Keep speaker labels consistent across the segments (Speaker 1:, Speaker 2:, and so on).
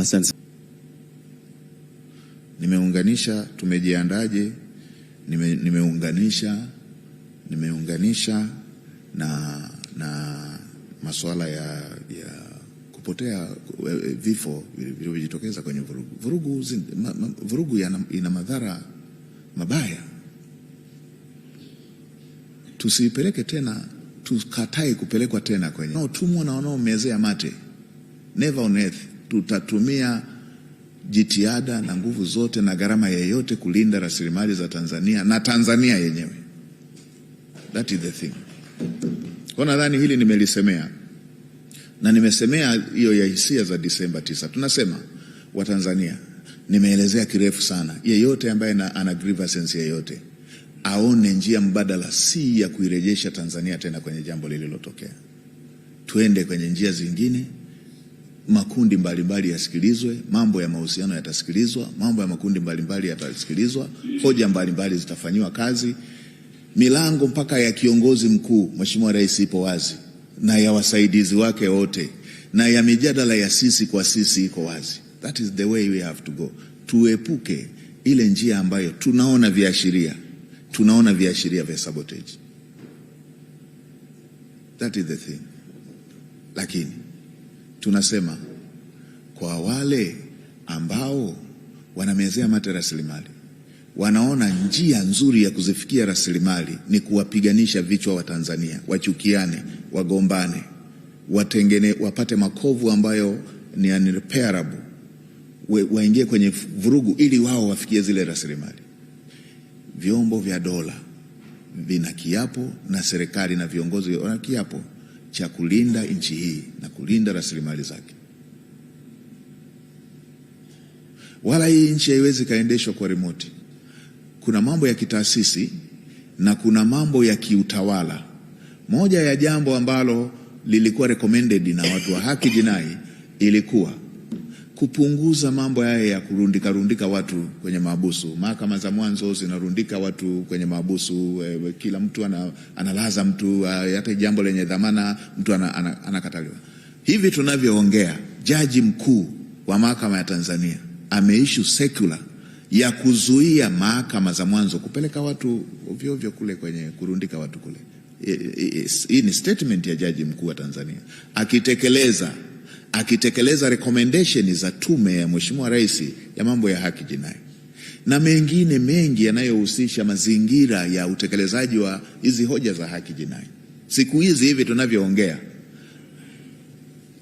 Speaker 1: Asante Nimeunganisha tumejiandaje? Nime, nimeunganisha nimeunganisha na, na masuala ya, ya kupotea e, e, vifo vilivyojitokeza kwenye vurugu vurugu, zin, ma, ma, vurugu yana, ina madhara mabaya. tusipeleke tena, tukatae kupelekwa tena kwenye wanaotumwa na wanaomezea mate. Never on earth tutatumia jitihada na nguvu zote na gharama yeyote kulinda rasilimali za Tanzania na Tanzania yenyewe. That is the thing. Kwa nadhani hili nimelisemea na nimesemea hiyo ya hisia za Disemba tisa. Tunasema Watanzania, nimeelezea kirefu sana. Yeyote ambaye ana grievances yeyote aone njia mbadala, si ya kuirejesha Tanzania tena kwenye jambo lililotokea. Tuende kwenye njia zingine makundi mbalimbali yasikilizwe, mambo ya mahusiano yatasikilizwa, mambo ya makundi mbalimbali yatasikilizwa, hoja mbalimbali zitafanyiwa kazi. Milango mpaka ya kiongozi mkuu Mheshimiwa Rais ipo wazi na ya wasaidizi wake wote na ya mijadala ya sisi kwa sisi iko wazi. That is the way we have to go. Tuepuke ile njia ambayo tunaona viashiria, tunaona viashiria vya sabotage. That is the thing, lakini tunasema kwa wale ambao wanamezea mate rasilimali, wanaona njia nzuri ya kuzifikia rasilimali ni kuwapiganisha vichwa wa tanzania wachukiane, wagombane, watengene, wapate makovu ambayo ni unrepairable, waingie kwenye vurugu ili wao wafikie zile rasilimali. Vyombo vya dola vina kiapo na serikali na viongozi wana kiapo cha kulinda nchi hii na kulinda rasilimali zake. Wala hii nchi haiwezi ikaendeshwa kwa remote. Kuna mambo ya kitaasisi na kuna mambo ya kiutawala. Moja ya jambo ambalo lilikuwa recommended na watu wa haki jinai ilikuwa kupunguza mambo haya ya kurundika rundika watu kwenye mahabusu. Mahakama za mwanzo zinarundika watu kwenye mahabusu e, kila mtu ana, analaza mtu eh, hata jambo lenye dhamana mtu anakataliwa. Hivi tunavyoongea, jaji mkuu wa mahakama ya Tanzania ameishu sekula ya kuzuia mahakama za mwanzo kupeleka watu ovyo ovyo kule kwenye kurundika watu kule. Hii ni statement ya jaji mkuu wa Tanzania akitekeleza akitekeleza recommendation za tume ya Mheshimiwa Rais ya mambo ya haki jinai na mengine mengi yanayohusisha mazingira ya utekelezaji wa hizi hoja za haki jinai. Siku hizi hivi tunavyoongea,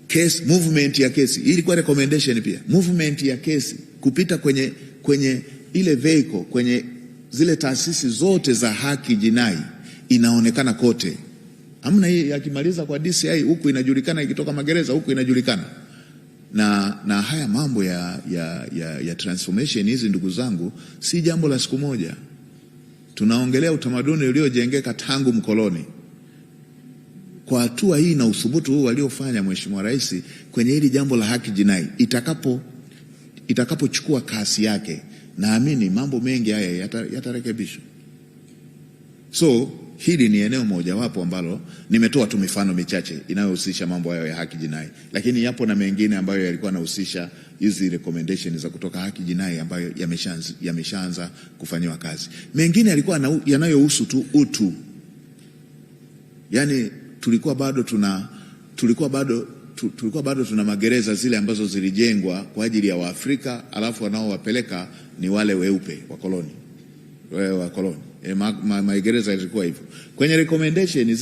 Speaker 1: case movement ya kesi ilikuwa recommendation pia, movement ya kesi kupita kwenye, kwenye ile vehicle, kwenye zile taasisi zote za haki jinai inaonekana kote. Amna hii. akimaliza kwa DCI huku inajulikana, ikitoka magereza huku inajulikana. Na, na haya mambo ya, ya, ya, ya transformation hizi, ndugu zangu, si jambo la siku moja. Tunaongelea utamaduni uliojengeka tangu mkoloni. Kwa hatua hii na uthubutu huu waliofanya, Mheshimiwa Rais, kwenye hili jambo la haki jinai, itakapo itakapochukua kasi yake, naamini mambo mengi haya yatarekebishwa. So hili ni eneo mojawapo ambalo nimetoa tu mifano michache inayohusisha mambo hayo ya haki jinai, lakini yapo na mengine ambayo yalikuwa yanahusisha hizi recommendation za kutoka haki jinai ambayo yameshaanza yameshaanza kufanyiwa kazi. Mengine yalikuwa yanayohusu tu utu, yani tulikuwa bado tuna tulikuwa bado tulikuwa bado tuna magereza zile ambazo zilijengwa kwa ajili ya Waafrika alafu wanaowapeleka ni wale weupe wakoloni, wakoloni E, eh, Maigereza ma, ma ilikuwa hivyo kwenye recommendation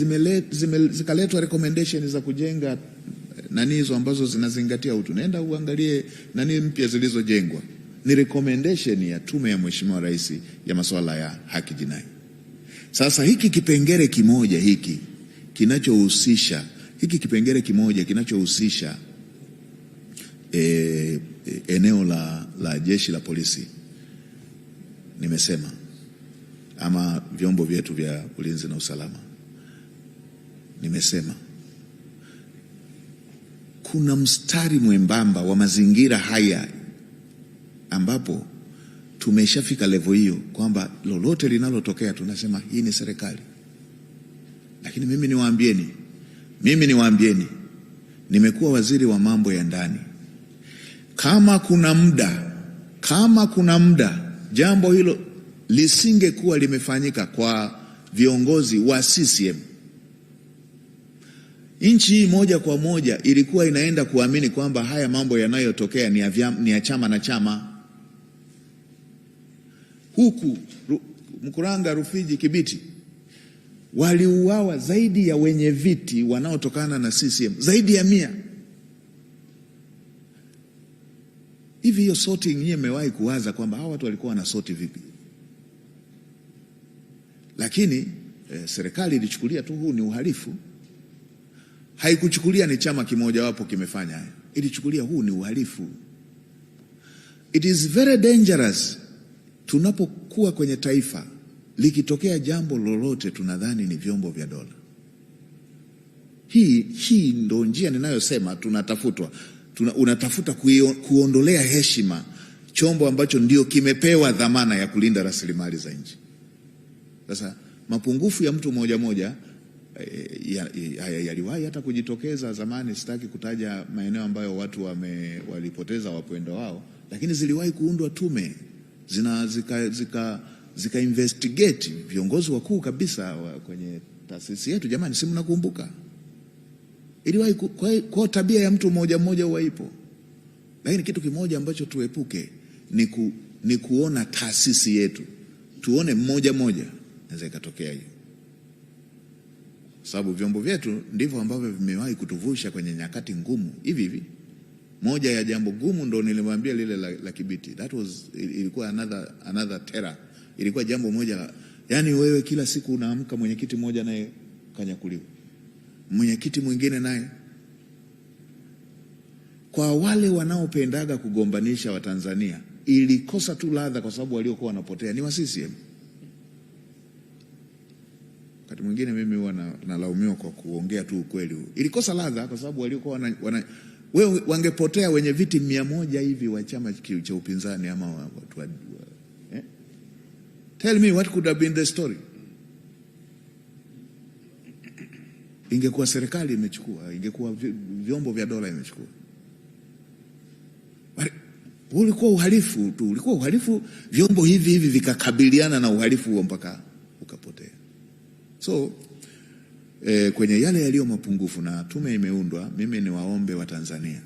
Speaker 1: zime, zikaletwa recommendation za kujenga eh, nani hizo ambazo zinazingatia utu. Naenda uangalie nani mpya zilizojengwa, ni recommendation ya tume ya Mheshimiwa Rais ya masuala ya haki jinai. Sasa hiki kipengele kimoja hiki kinachohusisha hiki kipengele kimoja kinachohusisha e, e, eneo la, la jeshi la polisi nimesema ama vyombo vyetu vya ulinzi na usalama. Nimesema kuna mstari mwembamba wa mazingira haya ambapo tumeshafika levo hiyo kwamba lolote linalotokea tunasema hii ni serikali. Lakini mimi niwaambieni, mimi niwaambieni, nimekuwa waziri wa mambo ya ndani. Kama kuna muda, kama kuna muda jambo hilo lisingekuwa limefanyika kwa viongozi wa CCM, nchi hii moja kwa moja ilikuwa inaenda kuamini kwamba haya mambo yanayotokea ni ya, ni ya chama na chama. Huku Mkuranga, Rufiji, Kibiti waliuawa zaidi ya wenye viti wanaotokana na CCM zaidi ya mia. Hivi hiyo soti, nyie mmewahi kuwaza kwamba hawa watu walikuwa wanasoti vipi? Lakini e, serikali ilichukulia tu huu ni uhalifu, haikuchukulia ni chama kimojawapo kimefanya, ilichukulia huu ni uhalifu. It is very dangerous tunapokuwa kwenye taifa likitokea jambo lolote tunadhani ni vyombo vya dola. Hii, hii ndo njia ninayosema tunatafutwa tuna, unatafuta kuyo, kuondolea heshima chombo ambacho ndio kimepewa dhamana ya kulinda rasilimali za nchi. Sasa mapungufu ya mtu moja moja eh, yaliwahi hata kujitokeza zamani. Sitaki kutaja maeneo ambayo watu wame, walipoteza wapendwa wao, lakini ziliwahi kuundwa tume zina zika, zika, zika investigate viongozi wakuu kabisa wa kwenye taasisi yetu. Jamani, si mnakumbuka? Iliwahi kwa tabia ya mtu mmoja mmoja waipo, lakini kitu kimoja ambacho tuepuke ni, ku, ni kuona taasisi yetu tuone mmoja mmoja inaweza ikatokea hiyo, sababu vyombo vyetu ndivyo ambavyo vimewahi kutuvusha kwenye nyakati ngumu hivi hivi. Moja ya jambo gumu ndo nilimwambia lile la, la Kibiti. That was ilikuwa another, another terror. Ilikuwa jambo moja la, yani wewe kila siku unaamka mwenyekiti mmoja naye kanyakuliwa, mwenyekiti mwingine naye kwa wale wanaopendaga kugombanisha Watanzania ilikosa tu ladha, kwa sababu waliokuwa wanapotea ni wa CCM. Wakati mwingine mimi huwa nalaumiwa na kwa kuongea tu ukweli. huu. Ilikosa ladha kwa sababu walikuwa wana, wana we, wangepotea wenye viti mia moja hivi wa chama cha upinzani ama watu wa, eh? Tell me what could have been the story. Ingekuwa serikali imechukua, ingekuwa vyombo vya dola imechukua ulikuwa uhalifu tu, ulikuwa uhalifu. Vyombo hivi hivi vikakabiliana na uhalifu huo mpaka So e, kwenye yale yaliyo mapungufu na tume imeundwa, mimi ni waombe wa Tanzania,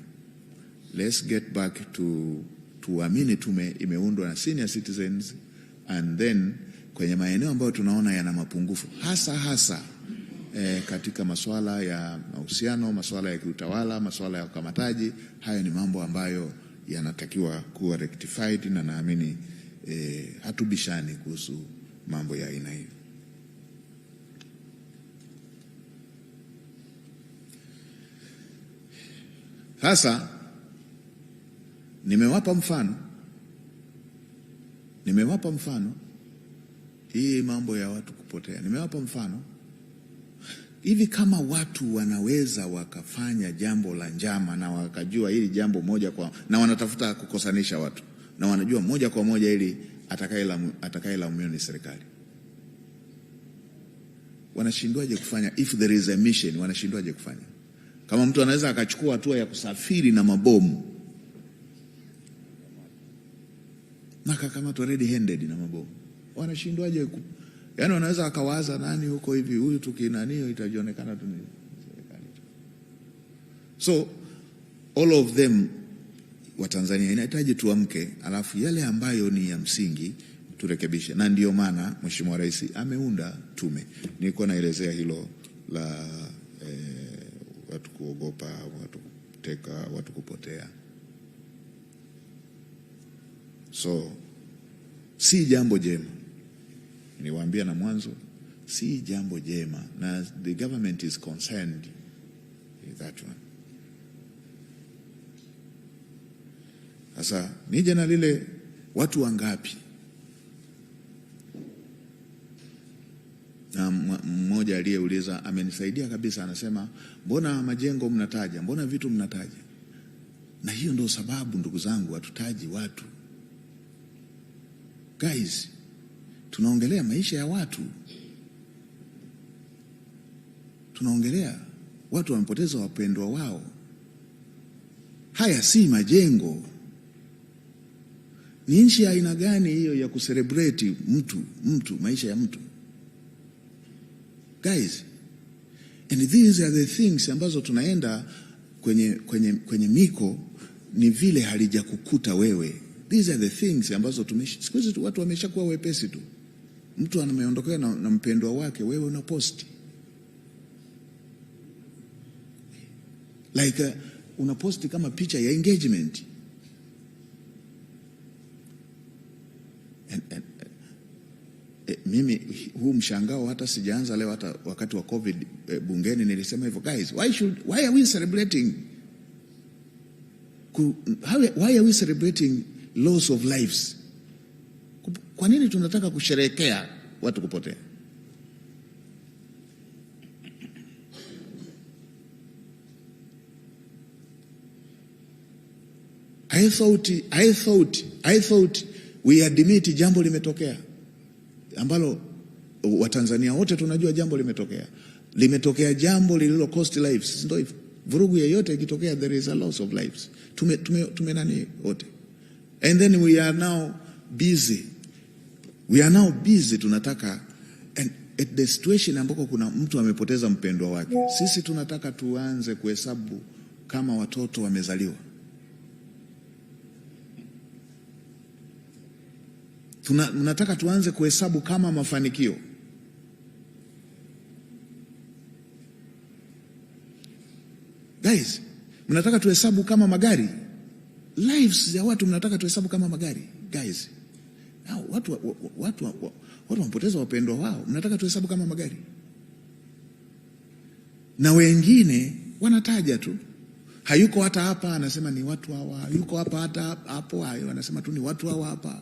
Speaker 1: let's get back to tuamini tume imeundwa na senior citizens and then kwenye maeneo ambayo tunaona yana mapungufu hasa hasa E, katika masuala ya mahusiano, masuala ya kiutawala, masuala ya ukamataji, hayo ni mambo ambayo yanatakiwa kuwa rectified na naamini e, hatubishani kuhusu mambo ya aina hiyo. Sasa nimewapa mfano, nimewapa mfano hii mambo ya watu kupotea, nimewapa mfano hivi. Kama watu wanaweza wakafanya jambo la njama na wakajua hili jambo moja kwa, na wanatafuta kukosanisha watu na wanajua moja kwa moja ili atakayelaumiwa ni serikali, wanashindwaje kufanya? If there is a mission, wanashindwaje kufanya? Kama mtu anaweza akachukua hatua ya kusafiri na mabomu na akakamatwa red handed na mabomu, wanashindwaje? yani wanaweza akawaza nani huko hivi, huyu tukinanio itajionekana tu So all of them wa Tanzania inahitaji tuamke, alafu yale ambayo ni ya msingi turekebishe, na ndio maana Mheshimiwa Rais ameunda tume. Nilikuwa naelezea hilo la eh, watu kuogopa, watu kuteka, watu kupotea. So si jambo jema, niwaambia na mwanzo, si jambo jema, na the government is concerned in that one. Sasa nije na lile watu wangapi mmoja aliyeuliza amenisaidia kabisa, anasema mbona majengo mnataja, mbona vitu mnataja? Na hiyo ndio sababu ndugu zangu, hatutaji watu guys, tunaongelea maisha ya watu, tunaongelea watu wanapoteza wapendwa wao. Haya si majengo. Ni nchi ya aina gani hiyo ya kuselebreti mtu mtu maisha ya mtu? guys, and these are the things ambazo tunaenda kwenye, kwenye, kwenye miko ni vile halijakukuta wewe. These are the things ambazo siku hizi watu wameshakuwa wepesi tu, mtu ameondokea na, na mpendwa wake, wewe una posti like uh, una posti kama picha ya engagement Mimi huu mshangao hata sijaanza leo, hata wakati wa COVID e, bungeni nilisema hivyo, guys why should, why are we celebrating ku, how, why are we celebrating loss of lives? Kwa nini tunataka kusherehekea watu kupotea? I thought, I thought, I thought we admit jambo limetokea ambalo Watanzania wote tunajua jambo limetokea, limetokea jambo lililo cost lives, ndio hivyo. Vurugu yoyote ikitokea, there is a loss of lives. Tume, tume, tume nani wote, and then we are now busy, we are now busy, tunataka and at the situation ambako kuna mtu amepoteza mpendwa wake, sisi tunataka tuanze kuhesabu kama watoto wamezaliwa. tuna, nataka tuanze kuhesabu kama mafanikio. Guys, mnataka tuhesabu kama magari? Lives ya watu mnataka tuhesabu kama magari? Guys, hao watu watu watu wanapoteza wapendwa wao, mnataka tuhesabu kama magari? Na wengine wanataja tu hayuko hata hapa, anasema ni watu hawa, yuko hapa hata hapo, hayo anasema tu ni watu hawa hapa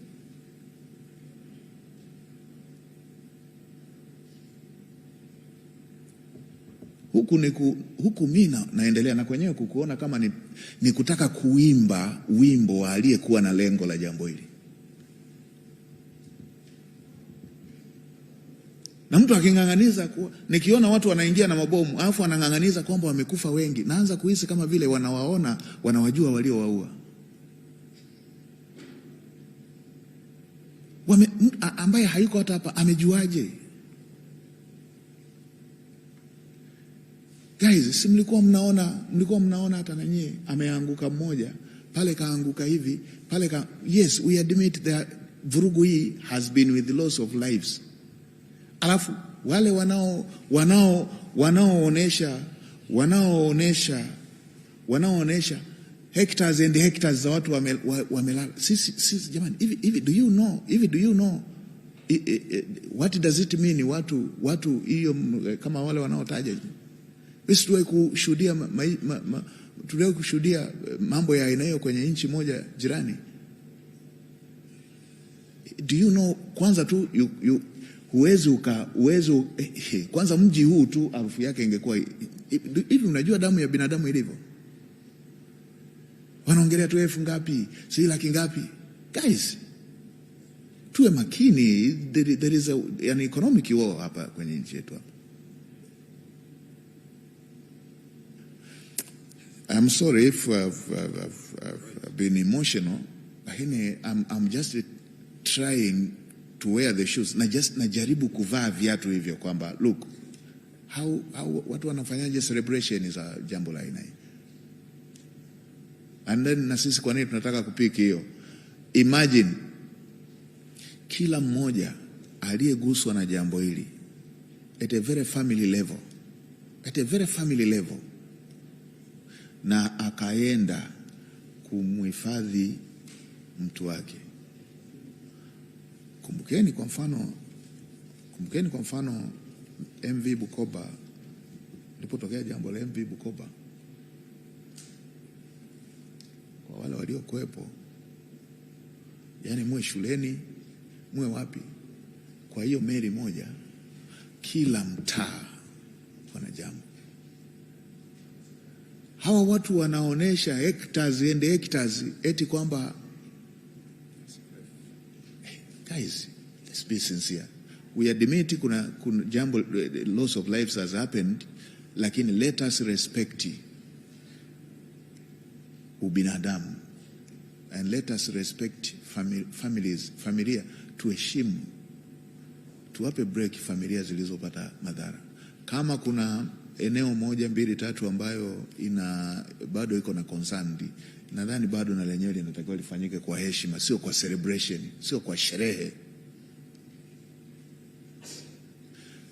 Speaker 1: huku, niku, huku mi naendelea na kwenyewe kukuona kama ni, ni kutaka kuimba wimbo wa aliyekuwa na lengo la jambo hili. Na mtu aking'ang'aniza nikiona watu wanaingia na mabomu alafu anang'ang'aniza kwamba wamekufa wengi, naanza kuhisi kama vile wanawaona wanawajua waliowaua. ambaye hayuko hata hapa amejuaje? Guys, si mlikuwa mnaona, mlikuwa mnaona hata nanyie ameanguka mmoja pale kaanguka hivi pale ka... Yes, we admit that vurugu hii has been with the loss of lives. Alafu wale wanao wanao wanaoonesha wanaoonesha wanaoonesha hectares and hectares za watu wamelala wame, wame sisi, sisi jamani, hivi hivi do you know, hivi do you know I, I, I, what does it mean watu watu hiyo kama wale wanaotaja sisi tuliwahi kushuhudia ma, ma, ma, ma, tuliwahi kushuhudia eh, mambo ya aina hiyo kwenye nchi moja jirani. Do you know, kwanza tu you, you, huwezi uka huwezi eh, eh, kwanza mji huu tu harufu yake ingekuwa hivi. Unajua damu ya binadamu ilivyo, wanaongelea tu elfu ngapi, si laki ngapi? Guys, tuwe makini, there, there is a, an economic war hapa kwenye nchi yetu hapa. I'm sorry if I've, I've, I've been emotional, lakini I'm, I'm just trying to wear the shoes na just najaribu kuvaa viatu hivyo kwamba look how, how watu wanafanyaje celebration za jambo la aina hii and then na sisi kwa nini tunataka kupiki hiyo? Imagine kila mmoja aliyeguswa na jambo hili at a very family level, at a very family level na akaenda kumhifadhi mtu wake. Kumbukeni kwa mfano, kumbukeni kwa mfano MV Bukoba, lipotokea jambo la MV Bukoba, kwa wale waliokuwepo, yaani muwe shuleni, muwe wapi, kwa hiyo meli moja, kila mtaa wana jambo hawa watu wanaonesha hectares and hectares eti kwamba guys, let's be sincere. We admit kuna, kuna jambo loss of lives has happened, lakini let us respect ubinadamu and let us respect fami families, familia tuheshimu, tuwape break familia zilizopata madhara kama kuna eneo moja mbili tatu ambayo ina bado iko na concern, nadhani bado na lenyewe linatakiwa lifanyike kwa heshima, sio kwa celebration, sio kwa sherehe.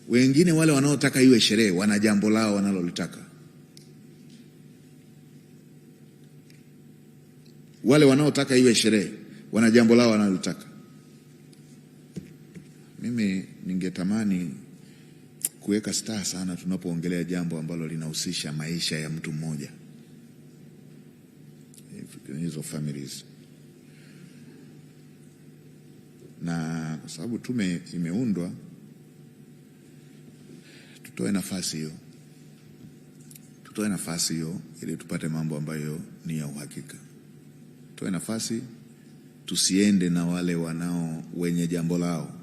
Speaker 1: Wengine wale wanaotaka iwe sherehe wana jambo lao wanalolitaka, wale wanaotaka iwe sherehe wana jambo lao wanalolitaka. Mimi ningetamani kuweka staa sana tunapoongelea jambo ambalo linahusisha maisha ya mtu mmoja, hizo families. Na kwa sababu tume imeundwa, tutoe nafasi hiyo, tutoe nafasi hiyo ili tupate mambo ambayo ni ya uhakika. Tutoe nafasi, tusiende na wale wanao wenye jambo lao,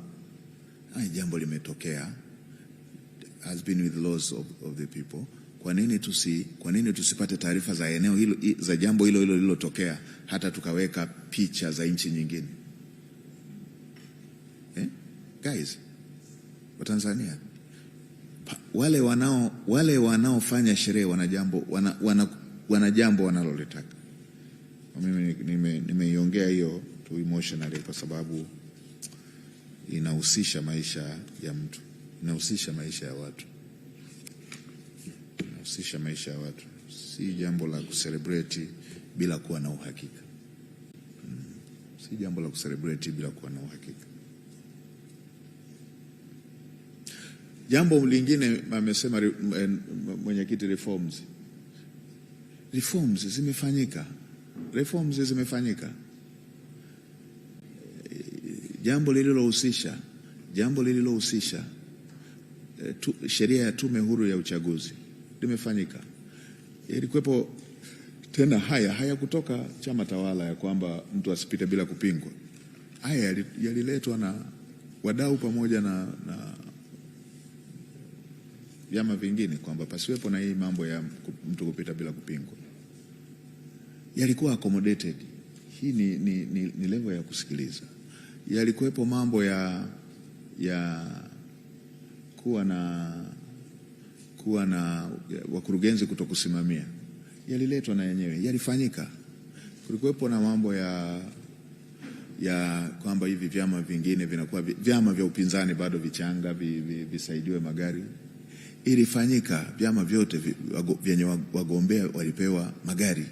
Speaker 1: jambo limetokea has been with laws of, of the people. Kwa nini tusi, kwa nini tusipate taarifa za eneo hilo, za jambo hilo hilo lilotokea hata tukaweka picha za nchi nyingine eh? Guys wa Tanzania pa, wale wanao wale wanaofanya sherehe wana jambo wana, wana, wana jambo wanalolitaka. Mimi nimeiongea nime hiyo tu emotionally kwa sababu inahusisha maisha ya mtu inahusisha maisha ya watu, inahusisha maisha ya watu, si jambo la kucelebrate bila kuwa na uhakika mm. Si jambo la kucelebrate bila kuwa na uhakika. Jambo lingine amesema mwenyekiti, reforms reforms zimefanyika, reforms zimefanyika. Jambo lililohusisha jambo lililohusisha sheria ya Tume Huru ya Uchaguzi limefanyika. Ilikuwepo tena, haya haya kutoka chama tawala ya kwamba mtu asipite bila kupingwa. Haya yaliletwa na wadau pamoja na vyama vingine kwamba pasiwepo na hii mambo ya mtu kupita bila kupingwa, yalikuwa accommodated. Hii ni, ni, ni, ni level ya kusikiliza. Yalikuwepo mambo ya ya kuwa na, kuwa na wakurugenzi kutokusimamia yaliletwa na yenyewe, yalifanyika. Kulikuwepo na mambo ya ya kwamba hivi vyama vingine vinakuwa vyama vya upinzani bado vichanga visaidiwe magari. Ilifanyika, vyama vyote vyenye wagombea walipewa magari,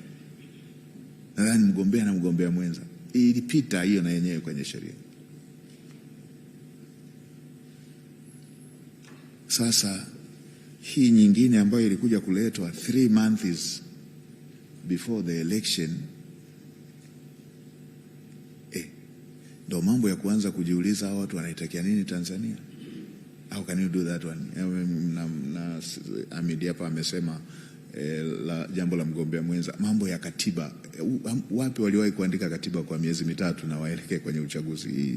Speaker 1: nadhani mgombea na mgombea mwenza. Ilipita hiyo na yenyewe kwenye sheria. Sasa hii nyingine ambayo ilikuja kuletwa three months before the election eh, ndo mambo ya kuanza kujiuliza hawa watu wanaitakia nini Tanzania? How can you do that one? Na, na Amidi hapa amesema eh, la, jambo la mgombea mwenza, mambo ya katiba. Wapi waliwahi kuandika katiba kwa miezi mitatu na waelekee kwenye uchaguzi?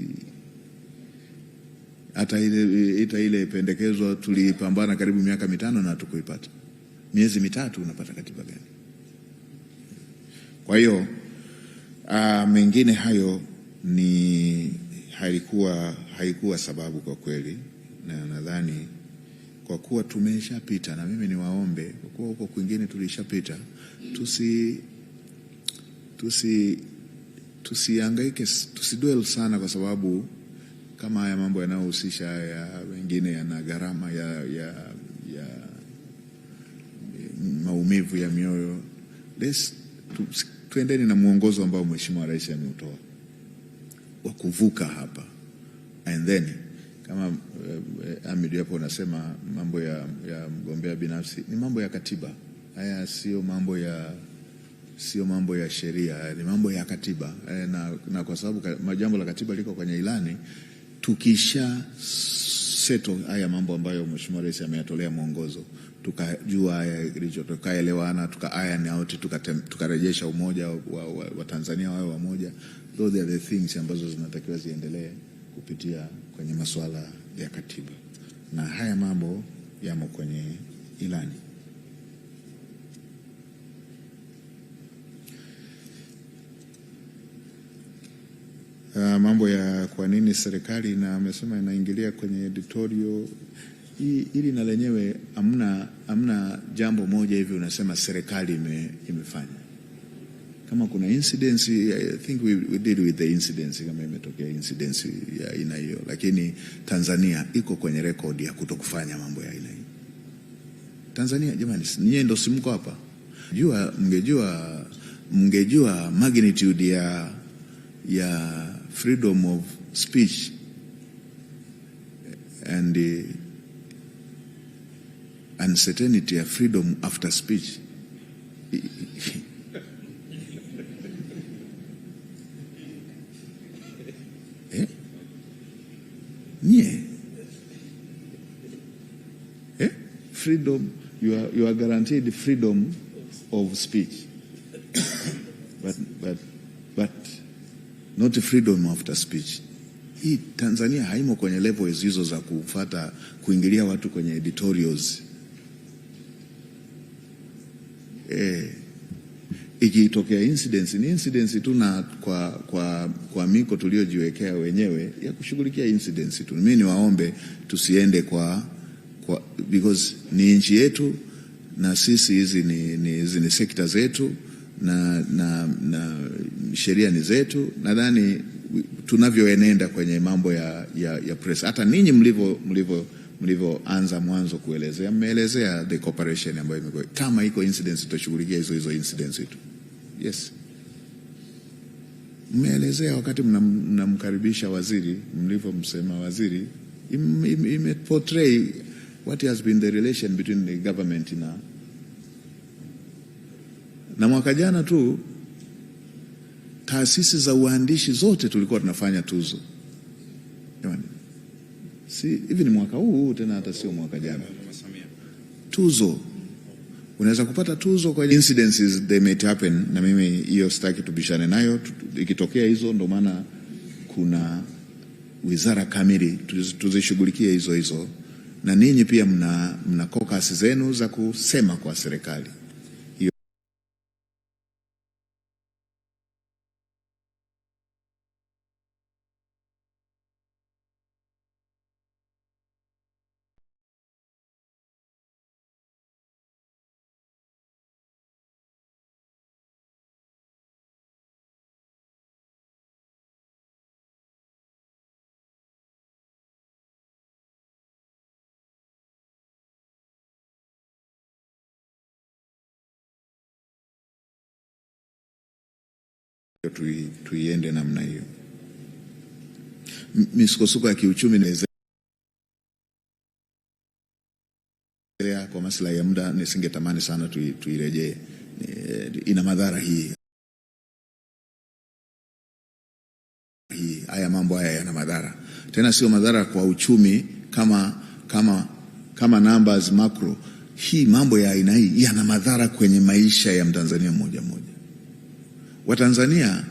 Speaker 1: hata ile ita ile pendekezwa tulipambana karibu miaka mitano na tukuipata Miezi mitatu unapata katiba gani? Kwa hiyo ah, mengine hayo ni haikuwa haikuwa sababu kwa kweli, na nadhani kwa kuwa tumeshapita, na mimi niwaombe kwa kuwa huko kwingine tulishapita, tusi tusi tusiangaike tusidwell sana kwa sababu kama haya mambo yanayohusisha haya wengine yana gharama ya, ya, ya maumivu ya mioyo Let's, tu, tuendeni na mwongozo ambao Mheshimiwa Rais ameutoa wa kuvuka hapa and then kama eh, Amid hapo unasema mambo ya, ya mgombea binafsi ni mambo ya katiba haya, sio mambo ya sio mambo ya sheria, ni mambo ya katiba eh, na, na kwa sababu jambo la katiba liko kwenye ilani tukisha seto haya mambo ambayo Mheshimiwa Rais ameyatolea mwongozo, tukajua haya kilicho, tukaelewana, tuka iron out, tukarejesha tuka umoja wa, wa, wa Tanzania wawe wamoja. Those are the things ambazo zinatakiwa ziendelee kupitia kwenye masuala ya katiba, na haya mambo yamo kwenye ilani. uh, mambo ya kwa nini serikali na amesema inaingilia kwenye editorial ili na lenyewe amna, amna jambo moja hivi unasema serikali ime, imefanya kama kuna incidence, I think we, we deal with the incidence kama imetokea incidence ya aina hiyo, lakini Tanzania iko kwenye rekodi ya kutokufanya mambo ya aina hiyo. Tanzania jamani, nyie ndio simko hapa jua, mngejua mngejua magnitude ya ya freedom of speech and uh, uncertainty of freedom after speech. eh? Yeah. Eh? Freedom, you are, you are guaranteed freedom of speech. but, but, but not freedom after speech. Hii Tanzania haimo kwenye levels hizo za kufata kuingilia watu kwenye editorials eh. Ikitokea incidents ni incidents tu, na kwa, kwa, kwa miko tuliojiwekea wenyewe ya kushughulikia incidents tu. Mimi niwaombe tusiende kwa, kwa because ni nchi yetu na sisi hizi ni, ni, ni sekta zetu na, na, na sheria ni zetu. Nadhani tunavyoenenda kwenye mambo ya, ya, ya press, hata ninyi mlivyo mlivyo mlivyoanza mwanzo kuelezea, mmeelezea the cooperation ambayo imekuwa. Kama iko incidents, tutashughulikia hizo hizo incidents tu. Yes, mmeelezea wakati mnamkaribisha mna waziri, mlivyomsema waziri im, im, ime portray what has been the relation between the government na na mwaka jana tu taasisi za uandishi zote tulikuwa tunafanya tuzo si hivi, ni mwaka huu tena, hata sio mwaka jana. Tuzo unaweza kupata tuzo kwa incidences they may happen, na mimi hiyo sitaki tubishane nayo. Ikitokea hizo, ndo maana kuna wizara kamili tuzishughulikie hizo hizo, na ninyi pia mna, mna kokasi zenu za kusema kwa serikali. tui, tuiende namna hiyo. Misukosuko ya kiuchumi kwa maslahi ya muda, nisingetamani sana tuirejee, tui eh, ina madhara hii hii. Haya mambo haya yana madhara, tena sio madhara kwa uchumi kama kama kama numbers macro. Hii mambo ya aina hii yana madhara kwenye maisha ya Mtanzania mmoja mmoja. Watanzania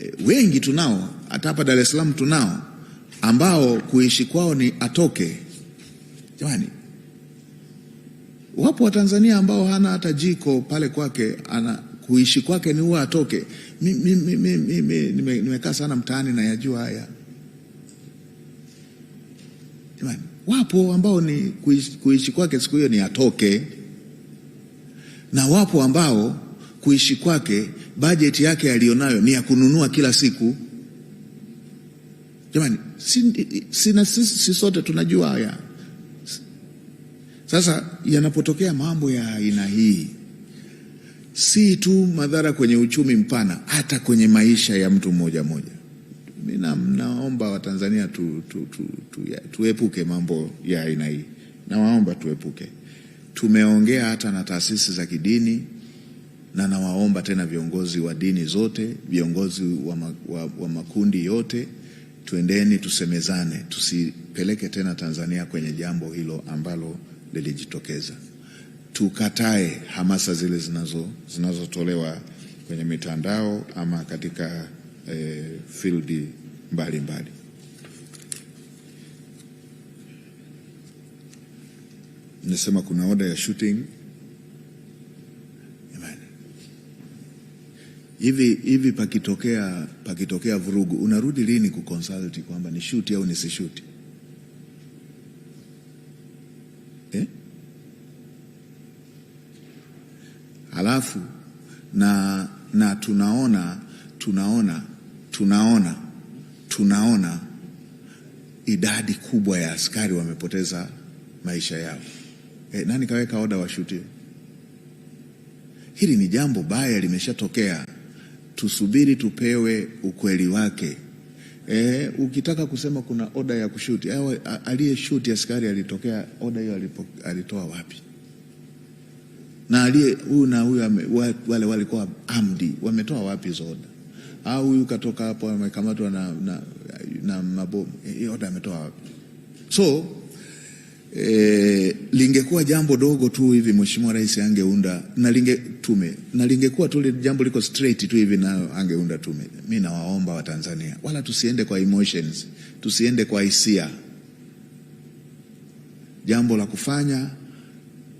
Speaker 1: eh, wengi tunao, hata hapa Dar es Salaam tunao ambao kuishi kwao ni atoke. Jamani, wapo Watanzania ambao hana hata jiko pale kwake, ana kuishi kwake ni huwa atoke. Mimi mi, mi, mi, mi, nimekaa sana mtaani na yajua haya jamani, wapo ambao ni kuishi, kuishi kwake siku hiyo ni atoke, na wapo ambao kuishi kwake bajeti yake aliyonayo ni ya kununua kila siku. Jamani, si sisi sote tunajua haya. Sasa yanapotokea mambo ya aina hii, si tu madhara kwenye uchumi mpana, hata kwenye maisha ya mtu mmoja mmoja. Mimi naomba Watanzania tu, tu, tu, tu, tuepuke mambo ya aina hii, nawaomba tuepuke. Tumeongea hata na taasisi za kidini na nawaomba tena viongozi wa dini zote, viongozi wa, ma, wa, wa makundi yote, tuendeni tusemezane, tusipeleke tena Tanzania kwenye jambo hilo ambalo lilijitokeza. Tukatae hamasa zile zinazo zinazotolewa kwenye mitandao ama katika eh, fieldi mbalimbali. Nasema kuna oda ya shooting hivi hivi, pakitokea pakitokea vurugu, unarudi lini kuconsulti kwamba ni shuti au nisishuti eh? Halafu na na tunaona tunaona tunaona tunaona idadi kubwa ya askari wamepoteza maisha yao. Eh, nani kaweka oda washutie? Hili ni jambo baya, limeshatokea tusubiri tupewe ukweli wake. E, ukitaka kusema kuna oda ya kushuti, eh, aliye shuti askari alitokea, oda hiyo alitoa wapi? na aliye huyu na huyu wale walikuwa amdi wametoa wapi hizo oda? Au huyu katoka hapo amekamatwa na, na, na mabomu, eh, hiyo oda ametoa wapi? so E, lingekuwa jambo dogo tu hivi Mheshimiwa Rais angeunda na linge tume na lingekuwa tu jambo liko straight tu hivi na angeunda tume. mi nawaomba Watanzania, wala tusiende kwa emotions, tusiende kwa hisia. Jambo la kufanya,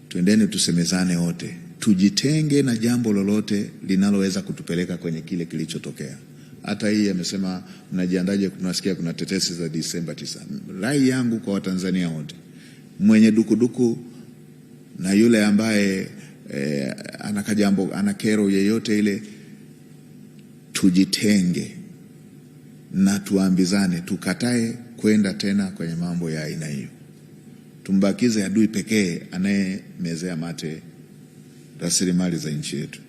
Speaker 1: twendeni tusemezane wote, tujitenge na jambo lolote linaloweza kutupeleka kwenye kile kilichotokea. Hata hii amesema mnajiandaje? Tunasikia kuna tetesi za Disemba tisa. Rai yangu kwa Watanzania wote mwenye dukuduku duku, na yule ambaye eh, ana kajambo ana kero yeyote ile, tujitenge na tuambizane, tukatae kwenda tena kwenye mambo ya aina hiyo. Tumbakize adui pekee anayemezea mate rasilimali za nchi yetu.